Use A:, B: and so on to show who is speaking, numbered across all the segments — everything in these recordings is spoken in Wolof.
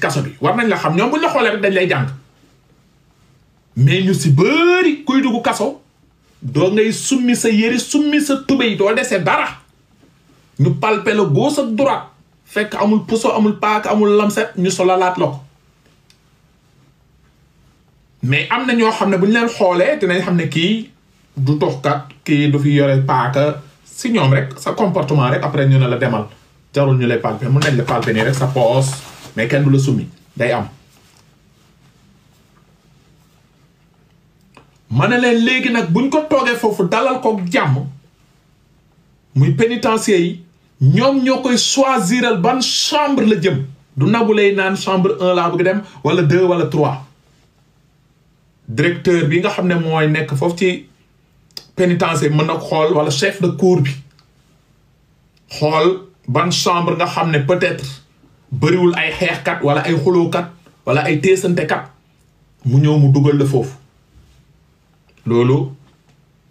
A: ci kaso bi war nañ la xam ñoom buñ la xoolee rek dañ lay jàng mais ñu si bëri kuy dugg kaso doo ngay summi sa yëri summi sa tubéy doo dese dara ñu palpe la gauche ak droite fekk amul puso amul paak amul lamset ñu solalaat la ko mais am na ñoo xam ne bu ñu leen xoolee dinañ xam ne kii du kat kii du fi yore paaka si ñoom rek sa comportement rek après ñu ne la demal jarul ñu lay palpe mun nañ la palpe nii rek sa poos mais kenn du la soumis day am ma ne leen léegi nag buñ ko toogee foofu dalal kook jàmm muy pénitencier yi ñoom ñoo koy choisiral ban chambre la jëm du nabu lay naan chambre un laa bëgg dem wala deux wala trois directeur bi nga xam ne mooy nekk foofu ci pénitencier mën na xool wala chef de cour bi xool ban chambre nga xam ne peut-être bëriwul ay xeexkat wala ay xulookat wala ay teesantekat mu ñëw mu dugal la foofu loolu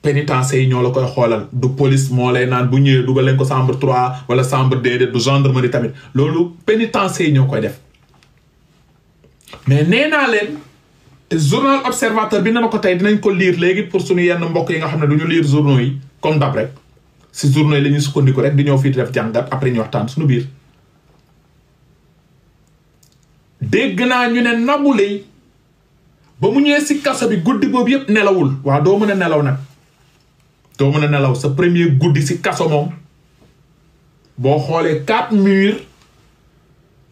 A: pénitence yi ñoo la koy xoolal du police moo lay naan bu ñëwee dugal leen ko chambre 3 wala chambre déedéet du gendarmerie tamit loolu pénitence yi ñoo koy def mais nee naa leen te journal observateur bi na ma ko tey dinañ ko liir léegi pour suñu yenn mbokk yi nga xam ne du ñu lire journaux yi comme d'hab rek si journaux yi la sukkandiku rek di ñëw fii def jàngat après ñu waxtaan suñu biir. dégg naa ñu ne Nabou Leye ba mu ñëwee si kaso bi guddi boobu yëpp nelawul waa doo mën a nelaw nag doo mën a nelaw sa premier guddi ci kaso moom boo xoolee quatre murs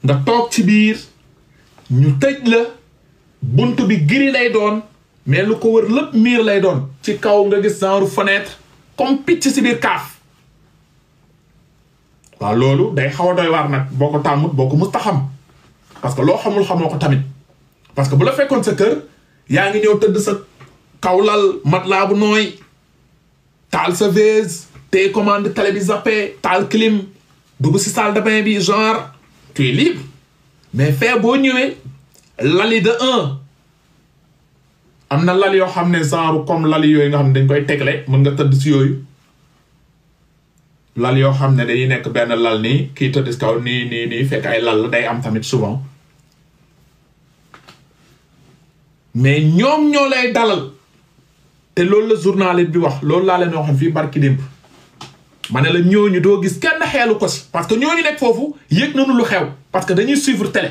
A: nga toog ci biir ñu tëj la bunt bi giri lay doon mais lu ko wër lépp miir lay doon ci kaw nga gis genre fenêtre comme picc si biir kaaf waa loolu day xaw a doy waar nag boo ko tàmmut boo ko musta parce que loo xamul xamoo ko tamit parce que bu la fekkoon sa kër yaa ngi ñëw tëdd sa kawlal matelas bu nooy taal sa vase te commander télé bi zappé taal clim dugg si salle de bi genre tu es libre mais fee boo ñëwee lali de un am na lal yoo xam ne genre comme lali yooyu nga xam ne dañ koy tegle mën nga tëdd si yooyu lal yoo xam ne dañuy nekk benn lal nii kii tëdd si kaw nii nii nii fekk ay lal la day am tamit souvent mais ñoom ñoo lay dalal te loolu la journaliste bi wax loolu laa leen waxoon fii barki démb ma ne la ñooñu doo gis kenn xeelu ko si parce que ñooñu nekk foofu yëg nañu lu xew parce que dañuy suivre télé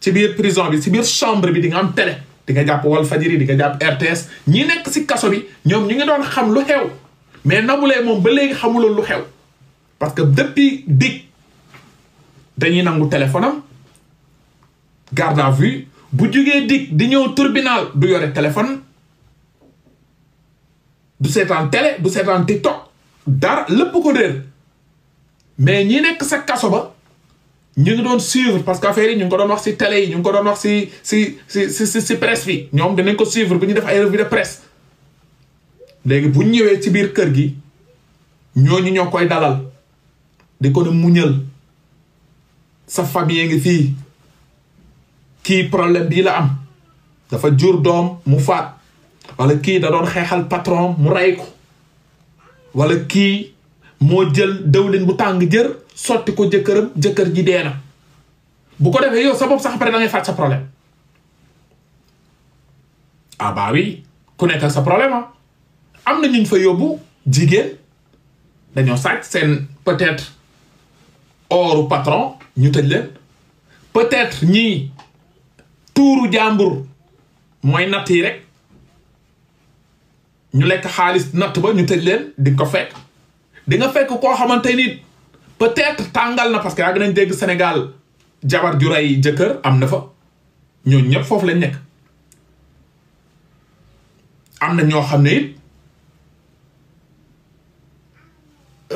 A: ci biir prison bi ci biir chambre bi dinga am télé di nga jàpp Walfadjri di nga jàpp RTS ñi nekk si kaso bi ñoom ñu ngi doon xam lu xew mais nabulee moom ba léegi xamuloon lu xew parce que depuis dig dañuy nangu téléphone am garde à vue bu jógee dig di ñëw tribunal du yore téléphone du seetaan tele du seetaan TikTok dara lépp ko réer mais ñi nekk sa kaso ba ñu ngi doon suivre parce que affaire yi ñu ngi ko doon wax si tele yi ñu ngi ko doon wax si si si si si presse ñoom dinañ ko suivre bu ñu def ay revue de presse léegi bu ñëwee ci biir kër gi ñooñu ñoo koy dalal di ko ne muñal sa famille ngi fii kii problème di la am dafa jur doom mu faat wala kii da doon xeexal patron mu rey ko wala kii moo jël dëwlin bu tàng jër sotti ko jëkkëram jëkkër ji dee na bu ko defee yow sa bopp sax pare da ngay sa problème ah bah oui ku nekk sa problème ah am na ñu fa yóbbu jigéen dañoo sàcc seen peut-être oru patron ñu tëj leen peut-être ñii tuuru jàmbur mooy natt yi rek ñu lekk xaalis natt ba ñu tëj leen di nga ko fekk di nga fekk koo xamante ni peut-être tàngal na parce que yàgg nañ dégg Sénégal jabar ju rey jëkkër am na fa ñooñu ñëpp foofu lañ nekk am na ñoo xam ne it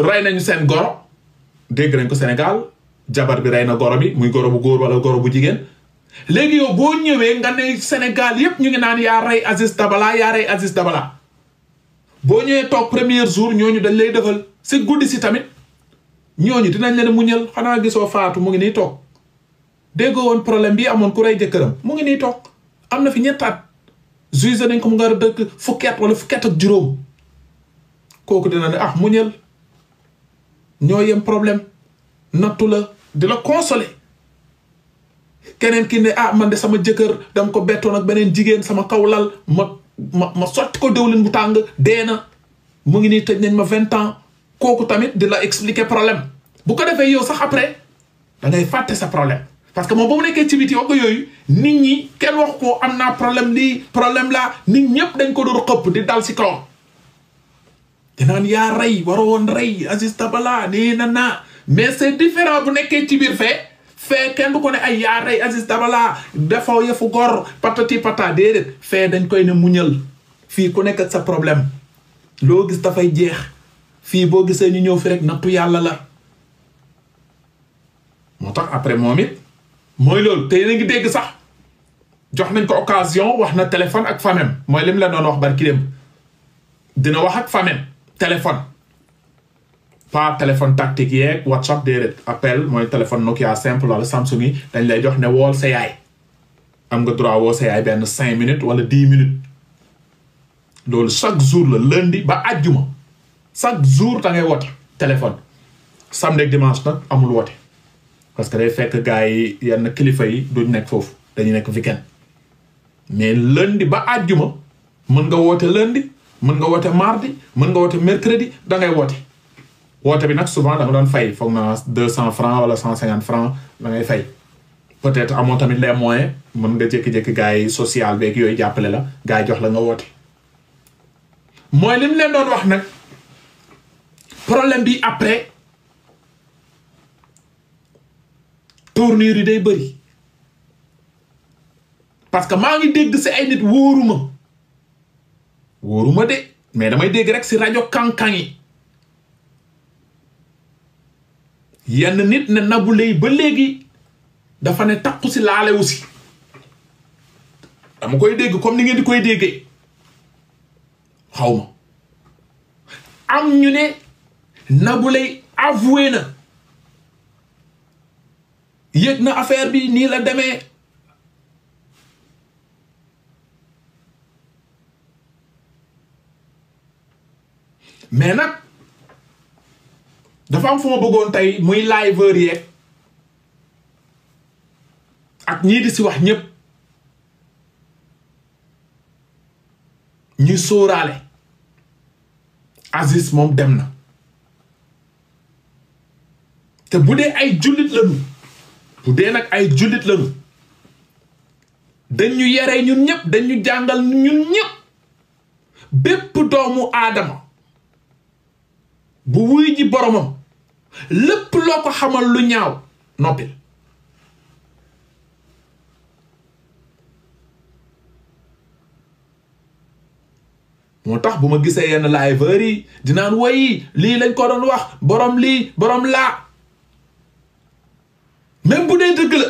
A: rey nañu seen goro dégg nañ ko Sénégal jabar bi rey na goro bi muy goro bu góor wala goro bu jigéen léegi yow boo ñëwee nga ne Sénégal yépp ñu ngi naan yaa rey Aziz Dabala yaa rey Aziz Dabala boo ñëwee toog première jour ñooñu dañ lay defal si guddi si tamit ñooñu dinañ leen muñal xanaa gisoo faatu mu ngi nii toog déggoo woon problème bi amoon ku rey jëkkëram mu ngi nii toog am na fi ñett at juge nañ ko mu nga dëkk fukki at wala fukki ak juróom kooku dina ne ah ñoo yem problème nattu la di la consoler keneen ki ne ah man de sama jëkkër dama ko bettoon ak beneen jigéen sama kaw lal ma ma ma sotti ko déwlin bu tàng dee na mu ngi nii tëj nañ ma vingt ans kooku tamit di la expliquer problème bu ko defee yow sax après da ngay fàtte sa problème parce que moom ba mu nekkee ci biti wax yooyu nit ñi kenn wax ko am naa problème lii problème laa nit ñëpp dañ ko doon xëpp di dal si kawam dinaan yaa rey waroon rey Aziz Dabala nii na naa mais c'est différent bu nekkee ci biir fee fee kenn du ko ne ay yaa rey Aziz Dabala defoo yëfu gor patati pata déedéet fee dañ koy ne muñal fii ku nekk ak sa problème loo gis dafay jeex fii boo gisee ñu ñëw fi rek nattu yàlla la moo tax après moom it mooy loolu tey na ngi dégg sax jox nañ ko occasion wax na téléphone ak famem mooy lim la doon wax barki dem dina wax ak famem téléphone pas téléphone tactique yeeg whatsapp déedéet appel mooy téléphone Nokia simple wala Samsung yi dañ lay jox ne wool sa yaay am nga droit woo sa yaay benn cinq minutes wala dix minutes loolu chaque jour la lundi ba àjjuma chaque jour da ngay téléphone samedi ak dimanche nag amul woote parce que day fekk gars yenn kilifa yi duñ nekk foofu dañu nekk weekend mais lundi ba àjjuma mën nga woote lundi mën nga woote mardi mën nga woote mercredi da ngay woote woote bi nag souvent dama doon fay foog na deux cent francs wala cent cinquante francs da ngay fay peut-être amoo tamit les moyens mën nga jékki-jékki gars yi social beeg yooyu jàppale la gars yi jox la nga woote. mooy li mu leen doon wax nag problème bi après tournure yi day bëri parce que maa ngi dégg si ay nit wóoruma wóoruma de mais damay dégg rek si rajo kankan yi yenn nit ne Nabou Leye ba léegi dafa ne takku si laalewu si dama koy dégg comme ni ngeen di koy déggee xawma am ñu ne Nabou Leye avoué na yëg na affaire bi nii la demee mais nag dafa am fu ma bëggoon tey muy liveur yeeg ak ñii di si wax ñépp ñu sóoraale Aziz moom dem na te bu dee ay jullit lañu bu dee nag ay jullit lañu dañ ñu yare ñun ñëpp dañu jàngal ñun ñëpp bépp doomu aadama bu wuy ji boromam lépp loo ko xamal lu ñaaw noppil moo tax bu ma gisee yenn liveur yi dinaan woyi lii lañ ko doon wax borom lii borom laa même bu dee dëgg la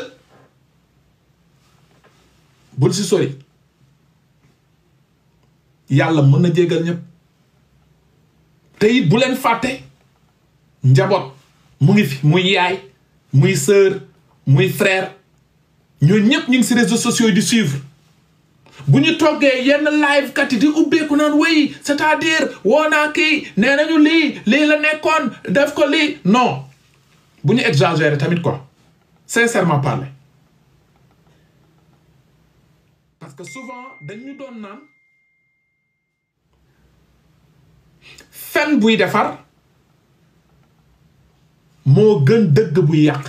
A: bul si sori yàlla mën na jégal ñëpp te bu leen fàtte njaboot mu ngi fi muy yaay muy sœur muy frère ñoo ñëpp ñu ngi si réseaux sociaux yi di suivre bu ñu toggee yenn live kat yi di ubbeeku naan wéy c'est-à-dire woo naa nee nañu lii lii la nekkoon def ko lii non bu ñu exagéré tamit quoi sincèrement parler parce que souvent dañu doon naan fen buy defar moo gën dëgg buy yàq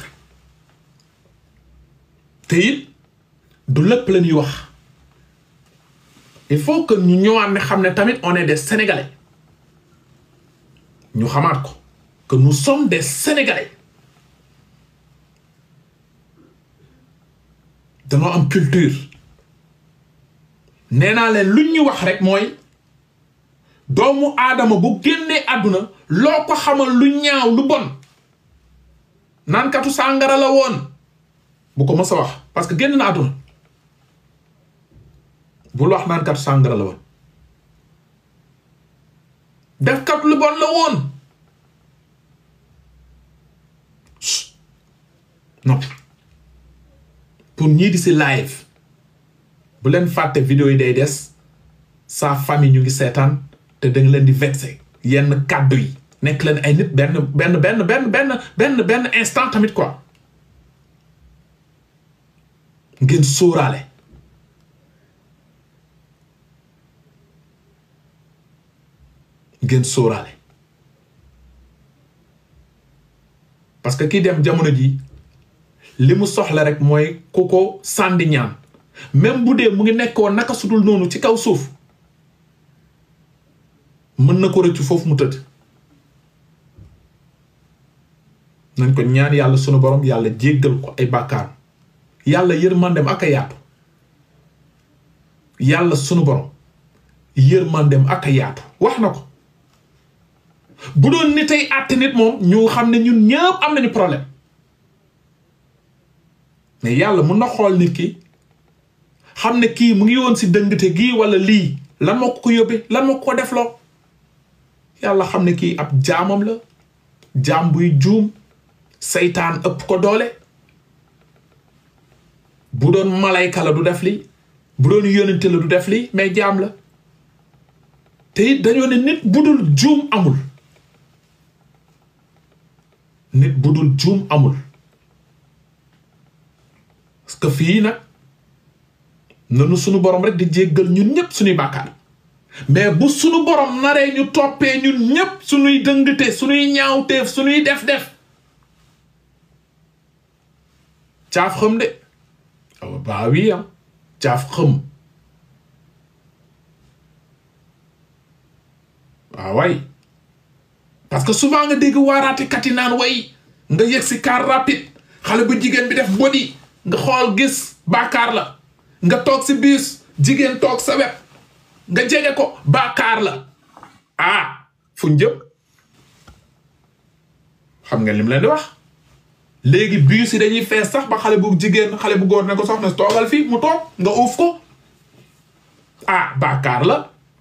A: te it du lëpp la ñuy wax il faut que ñu ñëwaat ne xam ne tamit on est des sénégalais ñu xamaat ko que nous sommes des sénégalais dañoo am culture nee naa leen luñ ñu wax rek mooy doomu aadama bu génnee àdduna loo ko xamal lu ñaaw lu bon naankatu sàngara la woon bu ko mës a wax parce que génn na àdduna bul wax naankatu sàngara la woon defkat lu bon la woon non pour ñii di live bu leen fàtte vidéo yi day des sa famille ñu ngi seetaan te da leen di vexé yenn kàddu yi nekk leen ay nit benn benn benn benn benn benn benn instant tamit quoi ngeen sóoraale ngeen sóoraale parce que kii dem jamono ji li mu soxla rek mooy ku ko sànni ñaan même bu dee mu ngi nekkoon naka sudul noonu ci kaw suuf mën na ko rëccu foofu mu tëdd nañ ko ñaan yàlla sunu borom yàlla jéggal ko ay bàkkaaram yàlla yërmandem ak a yaatu yàlla sunu borom yërmandem ak a yaatu wax na ko bu doon nit ay àtte nit moom ñu xam ne ñun ñëpp am nañu problème mais yàlla mun na xool nit ki xam ne kii mu ngi woon si dëngte gii wala lii la moo ko ko yóbbee lan moo ko ko defloo yàlla xam ne kii ab jaamam la jaam buy juum seytaan ëpp ko doole bu doon malayka la du def li bu doon yónente la du def lii mais jaam la te it dañoo ne nit bu dul juum amul nit bu dul juum amul parce que fii nag nanu sunu borom rek di jéggal ñun ñëpp suñuy bàkkaar mais bu sunu borom naree ñu toppee ñu ñépp suñuy dëngte suñuy ñaawteef suñuy def-def caaf xam de awa baa wi am caaf xam waaw waay parce que souvent nga dégg waaraatekat yi naan way nga yëg si car rapide xale bu jigéen bi def bodi nga xool gis bàkkaar la nga toog si biis jigéen toog sa wet nga jege ko baakaar la ah fuñ jëm xam nga lim leen di wax léegi bus yi dañuy fees sax ba xale bu jigéen xale bu goor ne ko soxna toogal fii mu toog nga uuf ko ah baakaar la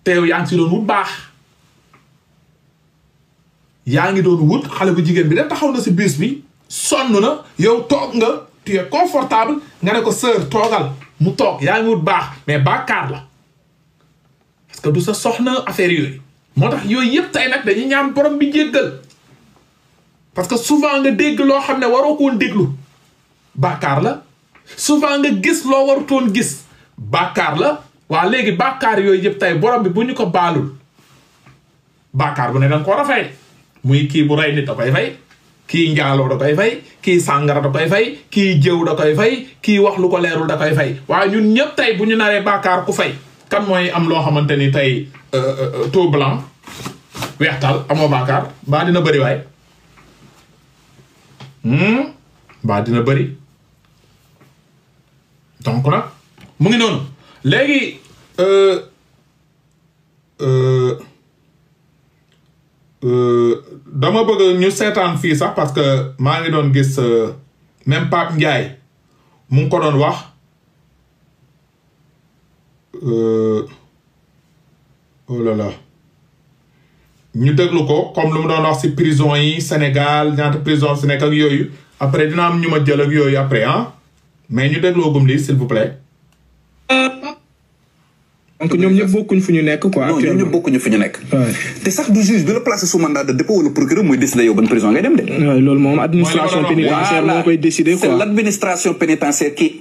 A: te yow yaa baax yaa ngi doon wut xale bu jigéen bi da taxaw na si bus bi sonn na yow toog nga tu es confortable nga ne ko sœur toogal mu toog yaa ngi wut baax mais baakaar la parce que du sa soxna affaire yooyu moo tax yooyu yëpp tey nag dañuy ñaan borom bi jéggal parce que souvent nga dégg loo xam ne waroo koon déglu bàkkaar la souvent nga gis loo warutoon gis baakaar la waa léegi bàkkaar yooyu yëpp tey borom bi bu ñu ko baalul bàkkaar bu ne danga ko war muy kii bu rey nit da koy fay kii njaaloo da koy fay kii sàngara da koy fay kii jëw da koy fay kii wax lu ko leerul da koy fay waaye ñun ñëpp tey bu ñu naree bàkkaar ku fay kan mooy am loo xamante ni tey euh, euh, euh, taux blanc weextal amoo baakaar baa dina bëri waaye hmm? baa dina bëri donc na mu ngi noonu léegi dama bëgg ñu seetaan fii sax parce que maa ngi doon gis même Pape Ndiaye mu ngi ko doon wax euh, oh la ñu déglu ko comme lu mu doon wax ci prison yi Sénégal ñaata prison si nekk ak yooyu après dina am ñu ma jël ak yooyu après ah mais ñu dégloo gum lii
B: s'il vous donc ñoom ñëpp bokkuñ fu ñu nekk quoi. non ñoom ñëpp bokkuñu fu ñu nekk. te sax du juge bi la placé sous mandat de dépôt wala procureur mooy décider yow ban prison ngay dem de.
A: waaw loolu moom administration pénitentiaire moo
B: koy décider quoi. c'est l'administration pénitentiaire qui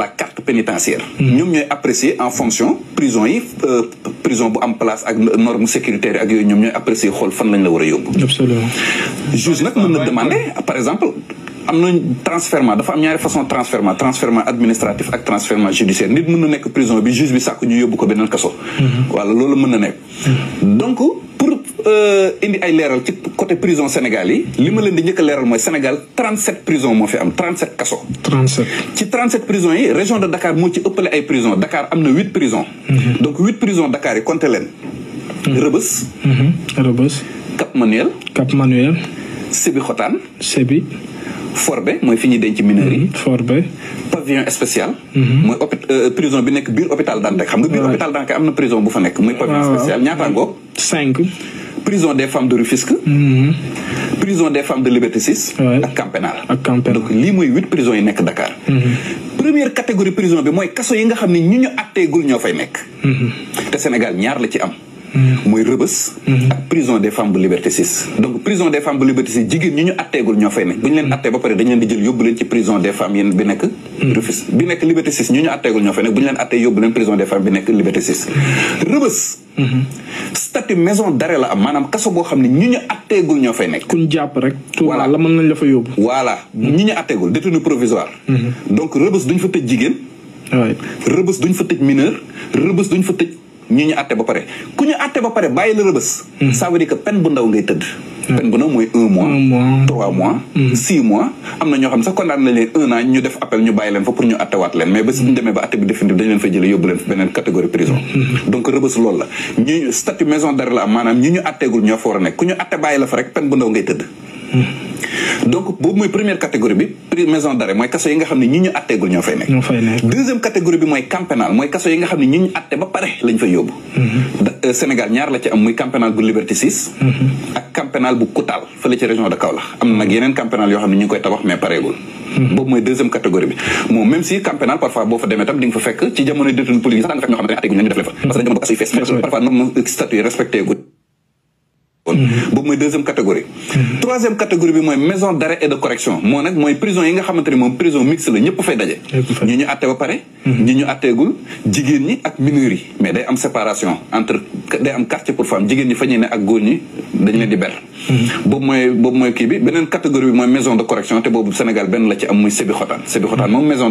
B: la carte pénitentiaire. Mm. ñoom ñooy apprécier en fonction prison yi euh, prison bu am place ak norme sécuritaire ak yooyu ñoom ñooy apprécier xool fan lañ la war a yóbbu. absolument juge nag mën na demander par exemple. am nañ transfèrement dafa am administratif ak transfèrement judiciaire nit mën na nekk prison bi juge bi sàkk ñu yóbbu ko beneen kaso wala mhm. loolu mën na nekk mhm. donc pour euh, indi ay leeral ci côté prison Sénégal yi li ma leen di njëkk a leeral mooy Sénégal 37 prison moo fi am 37 ci 37 prisons yi région de Dakar moo ci ëppale ay prison Dakar am na 8 prisons mhm. donc 8 prisons Dakar yi compté leen Rëbës Rëbës Cap Manuel forbe mooy fi ñuy denc mineurs mhm, forbe. pavillon spécial. Mhm. mooy euh, prison bi nekk biir hôpital Dantec xam nga biir hôpital Dantec am na prison bu fa nekk. mooy pavillon ah, spécial ñaata ngoo. prison des femmes de Rufisque. Mhm. prison des femmes de Liberté 6. ak camp ak camp lii mooy huit prisons yi nekk Dakar. première catégorie prison bi mooy kaso yi nga xam ne ñu ñu àtteegul ñoo fay nekk. te Sénégal ñaar la ci am. mooy mhm. rëbës. Mhm. ak prison des femmes bu liberté 6. donc prison des femmes bu liberté 6 jigéen ñi ñu atteegul ñoo fay ne bu ñu leen mhm. attee ba pare dañu leen di jël yóbbu leen ci prison des femmes yéen nekk. bi nekk liberté 6 ñu ñu atteegul ñoo fay ne bu bi nekk liberté 6. rëbës. statut maison d'arrêt la am maanaam kaso boo xam ne ñu ñu atteegul ñoo fay nekk. ku jàpp rek. voilà la mën nañ la fa yóbbu. voilà ñu ñu atteegul détenu provisoire. donc rëbës duñ fa fa ñi ñu àtte ba pare ku ñu àtte ba pare bàyyi la rëbës. Mm. ça veut dire que bu ndaw ngay tëdd. Mm. peine bu ndaw mooy un mois. trois mois. Mm. six mois am na ñoo xam sax condamné na leen un an ñu def appel ñu bàyyi leen fa pour ñu àttewaat leen mais ba si demee ba àtte bi définitif dañu leen fay jëlee yóbbu leen fa beneen catégorie prison. donc rëbës loolu la ñu statut maison d'arrêt la am maanaam ñi ñu àtteegul ñoo fa war nekk ku ñu àtte bàyyi la fa rek peine bu ndaw ngay tëdd. donc boobu mooy première catégorie bi mooy kaso mooy kaso yi nga xam ne ñi ñu atte ba pare lañ fay yóbbu. Mm-hmm. Euh, Sénégal ñaar la ci am muy camp bu Liberté 6. Mm-hmm. ak camp bu Koutal fële ci région de Kaolack am nag yeneen camp yoo xam ne ñu koy tabax mais pareegul. Mm-hmm. boobu mooy deuxième catégorie bi moom même si camp parfois boo fa demee tam di nga fa fekk ci jamono détenu politique sax da nga fekk ñoo xam ne atteegul ñoo ñu def leen fa. parce kon mm-hmm. boobu mooy deuxième catégorie mm-hmm. troisième catégorie bi mooy maison d'arrêt et de correction moo nag mooy prison yi nga xamante moom prison mixte la ñëpp fay daje ñi ñu atte ba pare mm-hmm. ñi ñu atteegul jigéen ñi ak mineurs mais day am séparation entre day am quartier pour femmes jigéen ñi fa ñuy ak góor ñi dañ leen di ber boobu mooy boobu mooy kii bi beneen catégorie bi mooy maison de correction te boobu Sénégal benn la ci am muy Sébikotane Sébikotane moom maison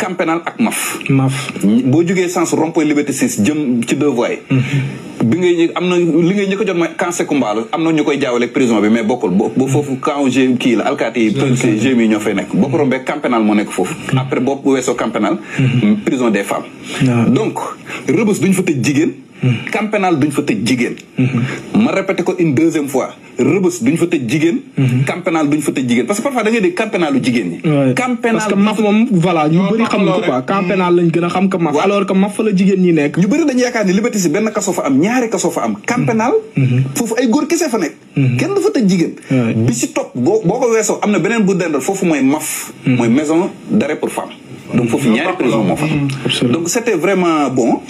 B: camp pénal ak maf maf boo jugee sens rond-point liberté 6 jëm ci deux voies mm-hmm. bi ngay am na li ngay njëkk a jot mooy camp Secoumba am na ñu koy jaawale prison bi mais bokkul boo foofu camp g kii la alkaati yi policier camp pénal moo nekk foofu mm-hmm. après boo weesoo camp mm-hmm. prison des femmes ah. donc rëbës duñ fa tëj jigéen camp pénal duñ fa tëj jigéen ma répété ko une deuxième fois rëbës duñ fa tëj jigéen. Mhm. camp pénal duñ fa tëj jigéen parce que parfois da ngay dégg jigéen ñi. camp maf moom voilà ñu bëri xam nga a xam mhm. Mhm. foofu bu dendal foofu mooy maf. mooy maison d'arrêt pour femme. donc foofu ñaari prison moo fa donc c' était vraiment bon.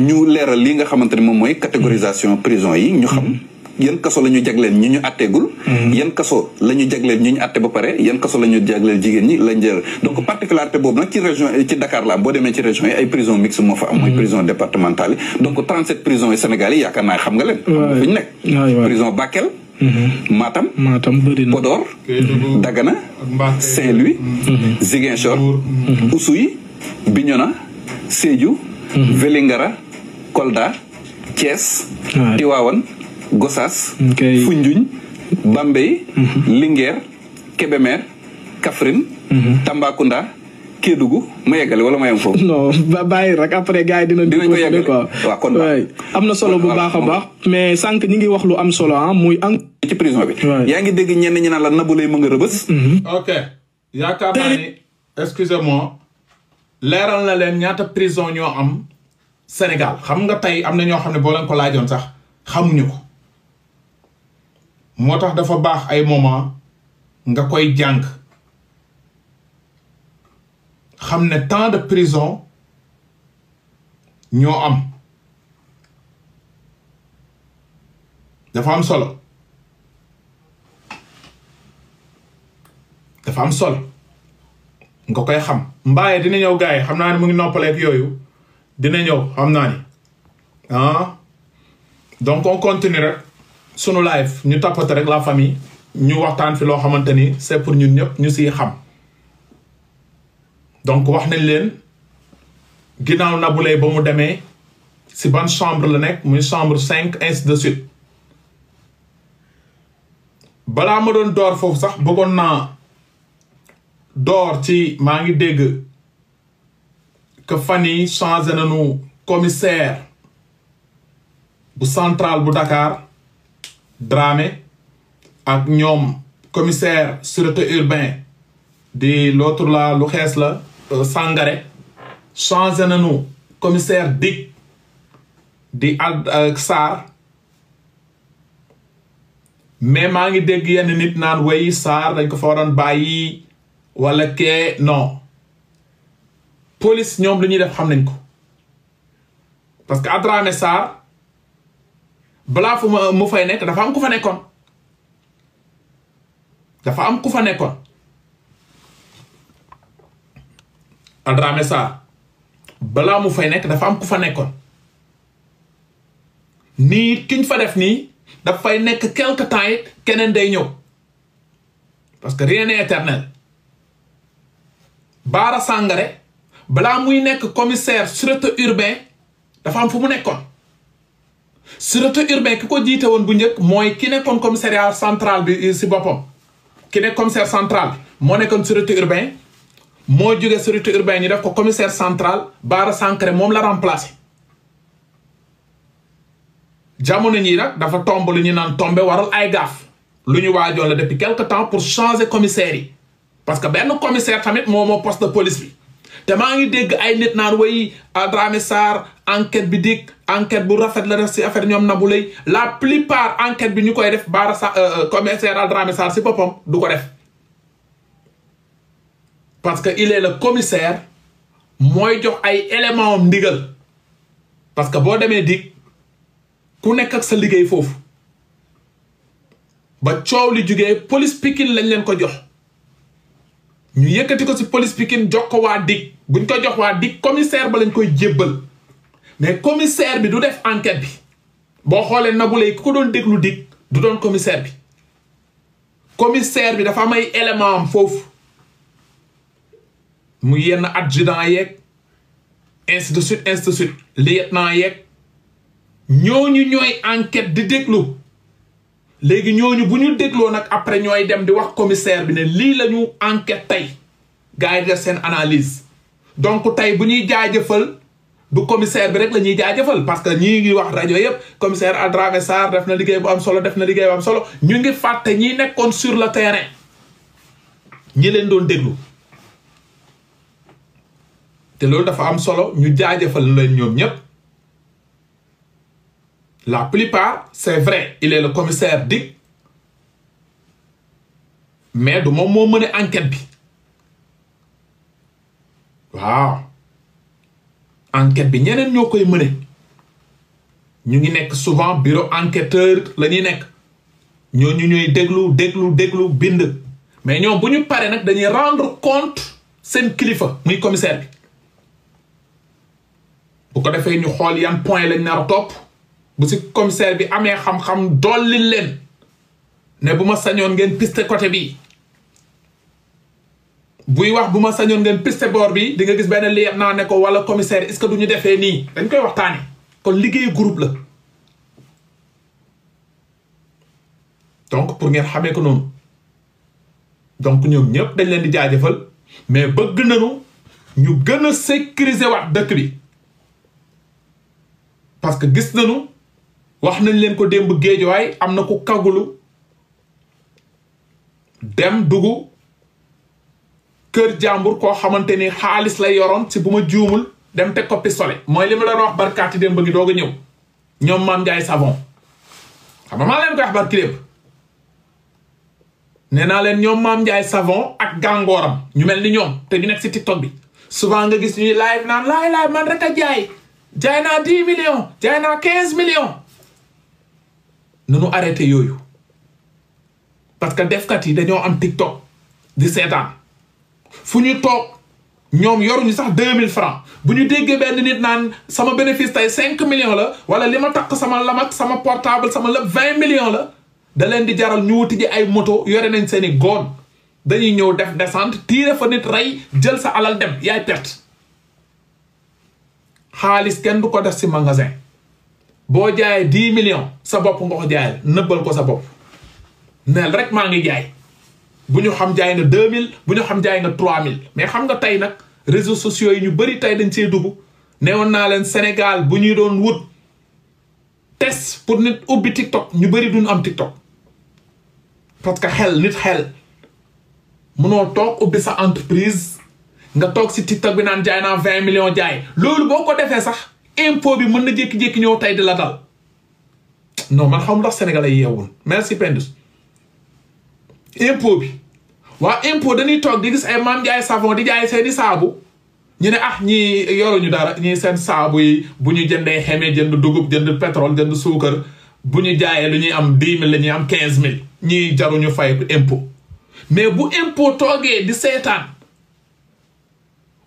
B: ñu leeral li nga xamante moom mooy catégorisation prison yi ñu xam. yan kaso la ñu jagleel ñi ñu atteegul mm-hmm. yan kaso la ñu jagleel ñi ñu atte ba pare yan kaso la ñu jagleel jigéen ñi lañ jël mm-hmm. donc particularité boobu nag ci région ci Dakar la boo demee ci région yi ay prison mixte moo fa am mooy mm-hmm. prison départementale yi donc 37 prisons Sénégal yi yaakaar naa xam nga leen fi ñu nekk prison Bakel Matam. Matam na Podor. Dagana. Saint-Louis. Ziguinchor. Oussouye. Bignona. Sédhiou. Vélingara. Kolda. Thiès. Tivaouane. Gossas. Foundiougne Bambey. Mhm. Linguère Kébémer Kaffrine. Mhm. Tambacounda Kédougou ma yeggale wala ma foofu. bàyyi rek après gars yi dina. dinañ ko quoi waaw kon am na solo bu baax a baax. mais sànq ñi ngi wax lu am solo ah muy. ci prison bi. yaa ngi dégg ñenn ñi naan la nabu Leye mu nga rëbës. Mhm.
A: ok yaakaar naa ni excusez-moi leeral na leen ñaata prison ñoo am Sénégal xam nga tey am na ñoo xam ne boo leen ko laajoon sax xamuñu ko. moo tax dafa baax ay moment nga koy jàng xam ne temps de prison ñoo am dafa am solo dafa am solo nga koy xam mbaaye dina ñëw gars yi xam naa ni mu ngi noppaleeg yooyu dina ñëw xam naa ni ah donc on continue rek sunu live ñu tappate rek la famille ñu waxtaan fi loo xamante ni c'est pour ñun ñëpp ñu siy xam donc wax nañ leen ginnaaw Nabou Leye ba mu demee si ban chambre la nekk muy chambre cinq ainsi de suite balaa ma doon door foofu sax bëggoon naa door ci maa ngi dégg que fan yi changé nañu commissaire bu central bu dakaar Dramé ak ñoom commissaire sûreté urbain di l'autre la lu xees la euh, Sangaré changé nañu commissaire Dick di ak euh, Sarr mais maa ngi dégg yenn nit naan way Sarr dañ ko fa waroon bàyyi wala kee non police ñoom lu ñuy def xam nañ ko parce que Adramé Sarr balaa fu ma mu fay nekk dafa am ku fa nekkoon dafa am ku fa nekkoon Adramé Sarr balaa mu fay nekk dafa am ku fa nekkoon nii kiñ fa def nii daf fay nekk quelque temps it keneen day ñëw parce que rien n'est éternel Bara Sangaré balaa muy nekk commissaire sûreté urbain dafa am fu mu nekkoon sûreté urbaine ki ko jiite woon bu njëkk mooy ki nekkoon commissariat central bi eh, si boppam ki nekk commissaire central moo nekkoon sûreté urbaine moo jógee sûreté urbaine ñu def ko commissaire central Bara Sankaré moom la remplacé jamono ñii nag dafa tomb lu ñu naan tombé waral ay gaaf lu ñu waajoon la depuis quelque temps pour changer commissaire yi parce que benn commissaire tamit moo moo poste de police bi te maa ngi dégg ay nit naan way Dramé Sarr enquête bi dikk enquête bu rafet la def si affaire ñoom na bu Leye la plupart enquête bi ñu koy def Bara Sarr euh, euh, commissaire Dramé Sarr boppam du ko def parce que il est le commissaire mooy jox ay éléments am ndigal parce que boo demee dikk ku nekk ak sa liggéey foofu ba coow li jugee police Pikine lañ leen ko jox ñu yëkkati ko si police Pikine jox ko waa DIC buñ ko jox waa DIC commissaire ba lañ koy jébbal mais commissaire bi du def enquête bi boo xoolee Nabou Leye ku ko doon déglu DIC du doon commissaire bi commissaire bi dafa may ay élément am foofu mu yenn adjudant yeeg ainsi de suite ainsi de suite lieutenant yeeg ñooñu ñooy di déglu léegi ñooñu bu ñu dégloo nag après ñooy dem di wax commissaire bi ne lii lañu ñu enquête tey gars seen analyse donc tey bu ñuy jaajëfal bu commissaire bi rek la ñuy jaajëfal parce que ñii ngi wax rajo yëpp commissaire Adrame Sarr def na liggéey bu am solo def na liggéey bu am solo ñu ngi fàtte ñi nekkoon sur le terrain ñi leen doon déglu te loolu dafa am solo ñu jaajëfal leen ñoom ñëpp La plupart, c'est vrai, il est le commissaire Dick mais du moom moo mën a enquête bi waaw enquête bi ñeneen ñoo koy mëne ñu ngi nekk souvent bureau enquêteur la ñuy nekk ñu ñuy déglu déglu déglu bind mais ñoom bu ñu paree nag dañuy rendre compte seen kilifa muy commissaire bi bu ko defee ñu xool yan point lañ nar a bu si commissaire bi amee xam-xam dolli leen ne bu ma sañoon ngeen piste côté bi buy wax bu ma sañoon ngeen piste boor bi di nga gis benn liet naa ne ko wala commissaire est que du ñu defee nii dañ koy waxtaane kon liggéeyu groupe la donc pour ngeen xamee ko noonu donc ñoom ñëpp dañ leen di jaajëfal mais bëgg nañu ñu gën a sécuriser wax dëkk bi parce que gis nanu wax nañ leen ko démb géejuwaay am na ku kagulu dem dugg kër jàmbur koo xamante ni xaalis lay yoroon si bu ma juumul dem teg ko pistolet mooy li ma doon wax barkaati démb gi doog a ñëw ñoom maam Ndiaye Savon xam nga maa leen koy wax barki nee naa leen ñoom maam Ndiaye Savon ak gàngooram ñu mel ni ñoom te ñu nekk si TikTok bi souvent nga gis ñuy live naan laay laay man rek a jaay jaay naa dix millions jaay naa quinze millions nanu arrêté yooyu parce que defkat yi dañoo am TikTok di seetaan fu ñu toog ñoom yoruñu sax deux mille francs bu ñu déggee benn nit naan sama bénéfice tey cinq millions la wala li ma takk sama lamak sama portable sama lépp vingt millions la daleen di jaral ñu wuti ji ay moto yore nañ seen i goon dañuy ñëw def descente tiire fa nit rey jël sa alal dem yaay perte xaalis kenn du ko def si magasin boo jaayee dix million sa bopp nga ko jaayal nëbbal ko sa bopp neel rek maa ngi jaay bu ñu xam jaay nga deux mille bu ñu xam jaay nga trois mill mais xam nga tey nag réseau sociaux yi ñu bëri tey dañ see nee woon naa leen Sénégal bu ñuy doon wut test pour nit ubbi TikTok ñu bëri duñ am TikTok parce que xel nit xel noo toog ubbi sa entreprise nga toog si TikTok bi naan jaay naa vingt million jaay loolu boo ko defee sax. impôt bi mën na jékki-jékki ñëw tey di la dal non man xam ndax sénégalais yi merci Pendus impôt bi waa impôt dañuy toog di gis ay maam jaay savon di jaay seeni saabu ñu ne ah ñi yoruñu dara ñi seen saabu yi bu ñu jëndee xeme jënd dugub jënd petrol jënd suukar bu ñu jaayee lu ñuy am di mille la ñuy am quinze mille ñi jaruñu fay impôt mais bu impo toogee di seetaan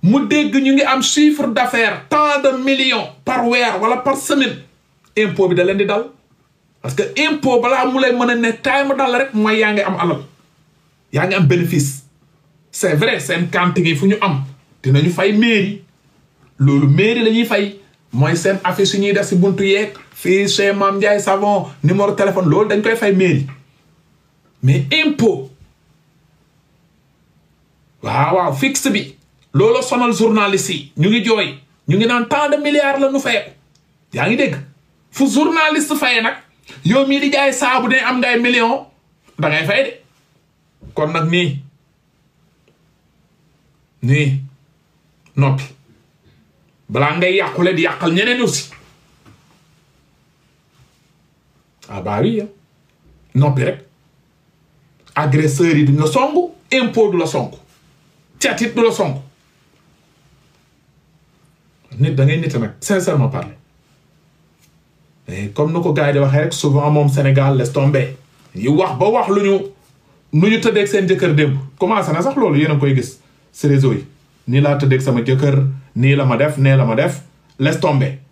A: mu dégg ñu ngi am chiffre d'affaires temps de million par weer wala par semaine impôt bi da leen di dal parce que impôt balaa mu lay mën a ne taay mu dal rek mooy yaa ngi am alal yaa ngi am bénéfice c'est vrai seen cantine fu ñu am dinañu fay mairie loolu mairie la ñuy fay mooy seen affiche yu def si buntu yeeg fii chez Mame Ndiaye Savon numéro téléphone loolu dañ koy fay mairie mais impôt waaw fix bi looloo sonal journaliste yi ñu ngi jooy ñu ngi naan tant de milliards la nu fayeku yaa ngi dégg fu journaliste faye nag yow mii di jaay saabu day am ngay million da ngay de kon nag nii nii noppi balaa ngay yàqule di yàqal ñeneen aussi ah bah oui noppi rek agresseurs yi duñ la songu impôt du la songu catit du la songu nit da ngay nite nag sincèrement parler mais comme nu ko gars yi di waxee rek souvent moom Sénégal laisse tomber yi wax ba wax lu ñu nu ñu tëddeeg seen jëkkër démb commencé na sax loolu yéen a koy gis si
B: réseau yi nii laa tëddeeg sama jëkkër nii la ma def nee la ma def laisse tomber